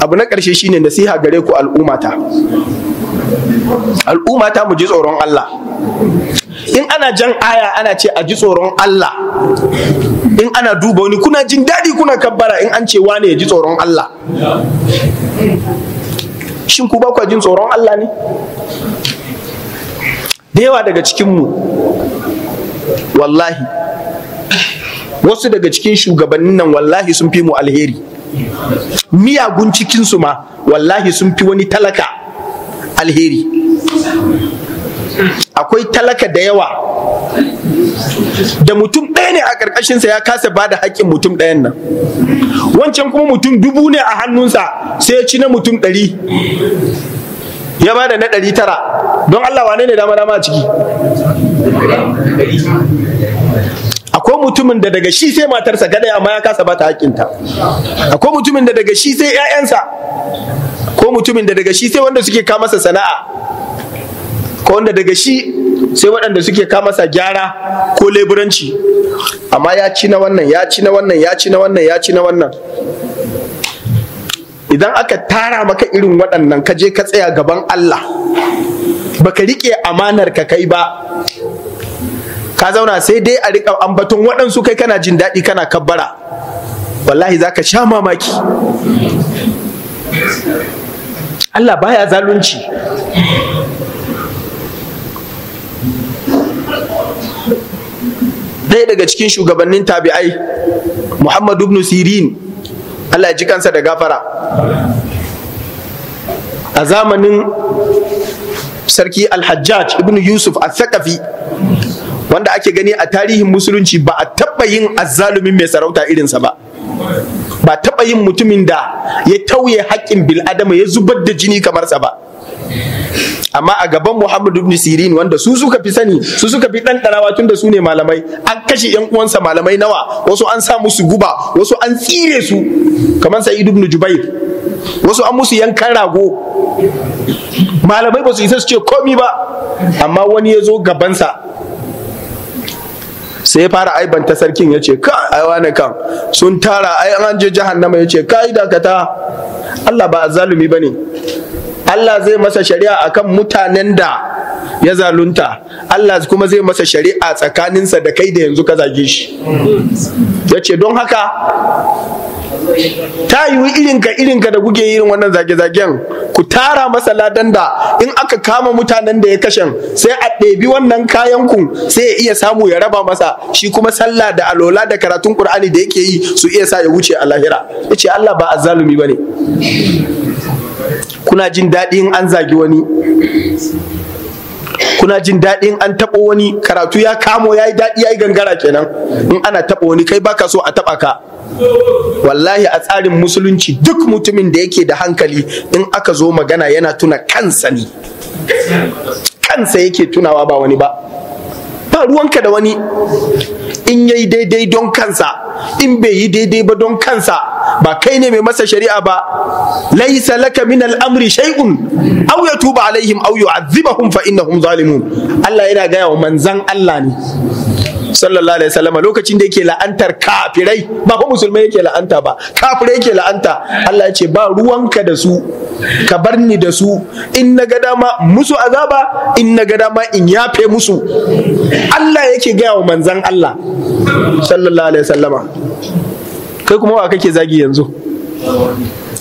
abu na ƙarshe shine nasiha gare ku al'ummata al'ummata mu ji tsoron Allah in ana jan aya ana ce a ji tsoron Allah in ana duba wani kuna jin daɗi kuna kabbara in an ce wane ya ji tsoron Allah shin ku ba ku jin tsoron Allah ne da yawa daga cikinmu wallahi wasu daga cikin shugabannin nan wallahi sun fi mu alheri miyagun cikinsu ma wallahi sun fi wani talaka alheri akwai talaka da yawa da mutum ɗaya ne a ƙarƙashinsa ya kasa ba da haƙƙin mutum ɗayan nan wancan kuma mutum dubu ne a hannunsa sai ya ci na mutum ɗari ya ba da na ɗari tara don Allah wane ne dama dama a ciki mutumin da daga shi sai matarsa kadai amma ya kasa bata hakinta akwai mutumin da daga shi sai ƴaƴansa ko mutumin da daga shi sai wanda suke ka masa sana'a ko wanda daga shi sai waɗanda suke ka masa gyara ko leburanci amma ya ci na wannan ya ci na wannan ya ci na wannan ya ci na wannan idan aka tara maka irin waɗannan ka je ka tsaya gaban Allah baka riƙe amanar ka kai ba ka zauna sai dai a riƙa ambaton waɗansu kai kana jin daɗi kana kabbara wallahi za ka sha mamaki Allah baya zalunci ɗaya daga cikin shugabannin tabi'ai Muhammadu ibn Sirin Allah ya ji kansa da gafara a zamanin sarki Alhajjaj ibn Yusuf a thaqafi wanda ake gani a tarihin musulunci ba a taɓa yin azzalumin mai sarauta irinsa ba ba taba yin mutumin da ya tauye haƙƙin bil'adama ya zubar da jini kamar sa ba amma a gaban Muhammadu ibn Sirin wanda su suka fi sani su suka fi ɗanɗanawa tun da su ne malamai an kashe yan uwansa malamai nawa wasu an sa musu guba wasu an tsire su kamar Sa'id ibn Jubair wasu an musu yankan rago malamai ba su isa su ce komi ba amma wani ya zo gabansa sai ya fara aibanta sarkin ya ce ka ai wani kan sun tara ai an je jahannama ya ce kai dakata Allah ba zalumi ne. Allah zai masa shari'a akan mutanen da ya zalunta Allah kuma zai masa shari'a tsakaninsa da kai da yanzu ka zage shi ya ce don haka ta yiwu irinka irinka da kuke irin wannan zage-zagen ku tara masa ladan da in aka kama mutanen da ya kashe sai a ɗebi wannan kayan ku sai ya iya samu ya raba masa shi kuma sallah da alola da karatun qur'ani da yake yi su iya sa ya wuce a lahira yace Allah ba azzalumi bane kuna jin daɗin an zagi wani kuna jin daɗin an taɓo wani karatu ya kamo ya yi daɗi ya yi gangara kenan in ana taɓa wani kai baka so a taɓa ka wallahi a tsarin musulunci duk mutumin da yake da hankali in aka zo magana yana tuna kansa ne kansa yake tunawa ba wani ba ba ruwanka da wani in yayi daidai don kansa in bai yi daidai ba don kansa ba kai ne mai masa shari'a ba laisa laka min al'amri shay'un aw yatuba alaihim aw yu'adhibahum fa innahum zalimun Allah yana gaya wa manzan Allah ne sallallahu alaihi wasallam lokacin da yake la'antar kafirai ba fa musulmai yake la'anta ba kafirai yake la'anta Allah ya ce ba ruwanka da su ka bar ni da su in na ga dama musu azaba in na ga dama in yafe musu Allah yake gaya wa manzan Allah sallallahu alaihi wasallama kai kuma wa kake zagi yanzu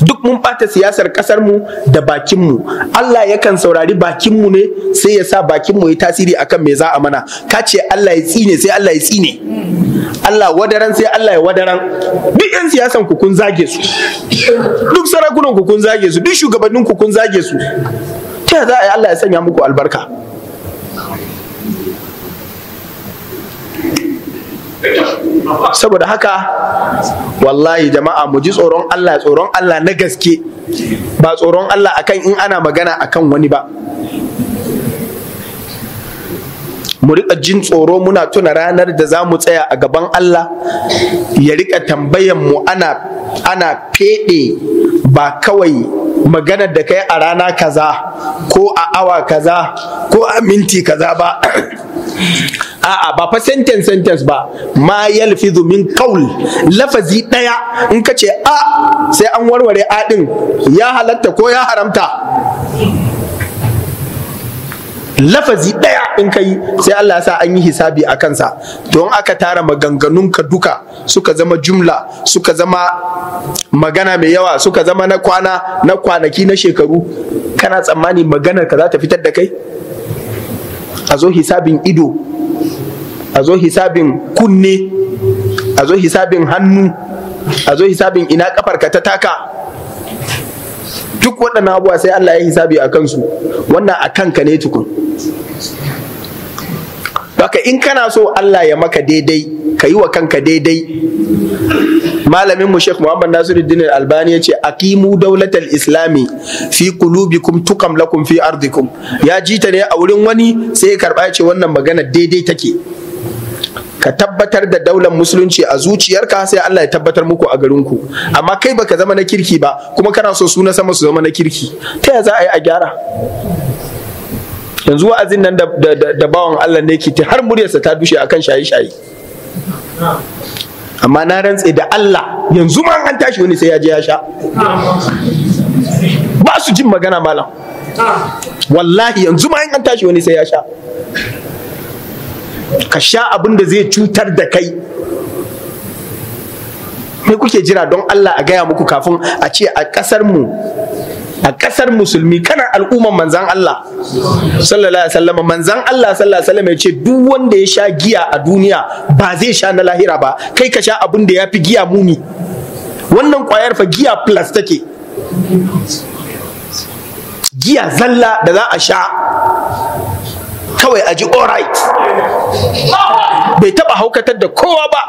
duk mun bata siyasar kasar mu da bakin mu Allah yakan saurari bakin mu ne sai ya sa bakin mu ya tasiri akan me za a mana ka ce Allah ya tsine sai Allah ya tsine Allah wadaran sai Allah ya wadaran duk yan siyasan ku kun zage su duk sarakunan ku kun zage su duk shugabannin ku kun zage su ta za a yi Allah ya sanya muku albarka saboda haka wallahi jama'a mu ji tsoron Allah tsoron Allah na gaske ba tsoron Allah akan in ana magana akan wani ba mu riƙa jin tsoro muna tuna ranar da za mu tsaya a gaban Allah ya riƙa tambayan mu ana ana fede ba kawai maganar da kai a rana kaza ko a awa kaza ko a minti kaza ba a'a ba fa sentence sentence ba ma yalfizu min qaul lafazi daya in ka ce a sai an warware a din ya halatta ko ya haramta lafazi daya in kai sai Allah sa an yi hisabi a kansa To in aka tara ka duka suka zama jumla suka zama magana mai yawa suka zama na kwana na kwanaki na shekaru kana tsammani maganar ka za ta fitar da kai a zo hisabin ido a zo hisabin kunne a zo hisabin hannu a zo hisabin ina kafarka ta taka duk waɗannan abuwa sai Allah ya hisabi a kansu wannan a kanka ne tukun Baka in kana so Allah ya maka daidai ka yi wa kanka daidai malamin mu Sheikh Muhammad Nasiruddin Albani ya ce aqimu daulatal islami fi qulubikum tukam lakum fi ardikum ya ji ta ne a wurin wani sai ya karba ya ce wannan magana daidai take ka tabbatar da daular musulunci a zuciyarka sai Allah ya tabbatar muku a garinku amma kai baka zama na kirki ba kuma kana so su na sama su zama na kirki ta ya za a yi a gyara yanzu wa'azin nan da bawan Allah ne ke har muryarsa ta dushe akan shaye-shaye amma na rantse da Allah yanzu ma an tashi wani sai ya je ya sha ba su jin magana malam wallahi yanzu ma an tashi wani sai ya sha ka sha abin da zai cutar da kai me kuke jira don Allah a gaya muku kafin a ce a ƙasar mu a ƙasar musulmi kana al'umman manzan Allah sallallahu alaihi wasallam manzan Allah sallallahu alaihi wasallam ya ce duk wanda ya sha giya a duniya ba zai sha na lahira ba kai ka sha abin da ya fi giya muni wannan kwayar fa giya plus take giya zalla da za a sha kawai a ji alright bai taba haukatar da kowa ba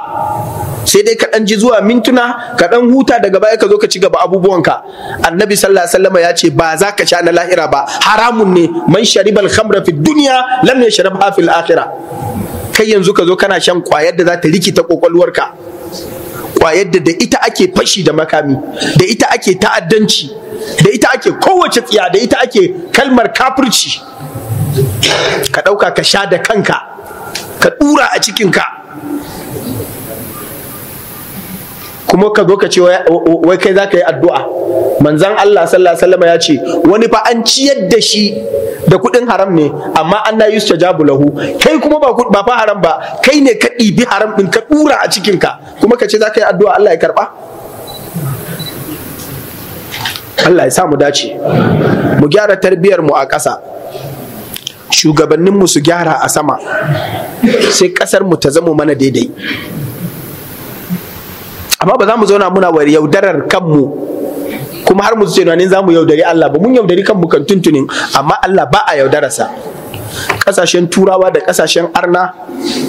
sai dai kaɗan ji zuwa mintuna kaɗan huta daga baya ka zo ka ci gaba abubuwanka annabi sallallahu alaihi wasallam ya ce ba za ka sha na lahira ba haramun ne man sharibal khamra fi dunya lam yashrabha fil akhirah kai yanzu ka zo kana shan kwayar da za ta rikita kwakwalwarka kwayar da da ita ake fashi da makami da ita ake ta'addanci da ita ake kowace tsiya da ita ake kalmar kafirci ka ɗauka ka sha da kanka ka dura a cikinka kuma ka zo ka ce wai kai za ka yi addu'a manzan Allah sallallahu alaihi wasallam ya ce wani fa an ciyar da shi da kuɗin haram ne amma Allah jabu lahu kai kuma ba ba fa haram ba kai ne ka ɗibi haram ɗin ka ɗura a cikinka kuma ka ce za ka yi addu'a Allah ya karɓa Allah ya sa mu dace mu gyara tarbiyar mu a ƙasa shugabanninmu su gyara a sama sai ƙasarmu ta zama mana daidai amma ba za mu zauna muna wa yaudarar kanmu kuma har mu ce tunanin za mu yaudari Allah ba mun yaudari kanmu kan tuntunin amma Allah ba a yaudararsa Ƙasashen turawa da ƙasashen arna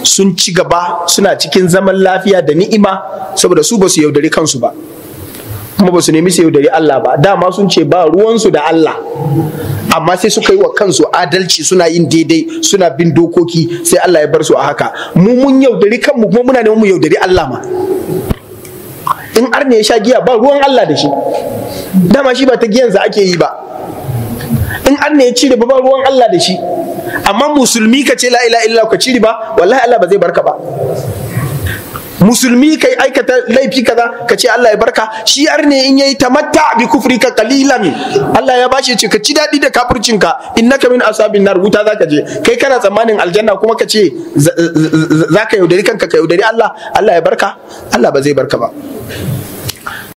sun ci gaba suna cikin zaman lafiya da ni'ima saboda su ba su yaudari kansu ba kuma ba su nemi su yaudari Allah ba dama sun ce ba ruwansu da Allah amma sai suka yi wa kansu adalci suna yin daidai suna bin dokoki sai Allah ya bar su a haka mu mun yaudari kanmu kuma muna neman mu yaudari Allah ma in ne ya sha giya ba ruwan Allah da shi dama shi ba ta giyansa ake yi ba in ne ya ci ba ruwan Allah da shi amma musulmi ka ce la ilaha illallah ka ci ba, wallahi Allah ba zai barka ba musulmi kai aikata laifi kaza ka ce Allah ya barka shi ar ne in yayi tamatta bi ka qalilan Allah ya bashi ce ka ci dadi da kafircin ka innaka min asabin nar wuta zaka je kai kana tsammanin aljanna kuma ka ce zaka yaudari kanka ka yaudari Allah Allah ya barka Allah ba zai barka ba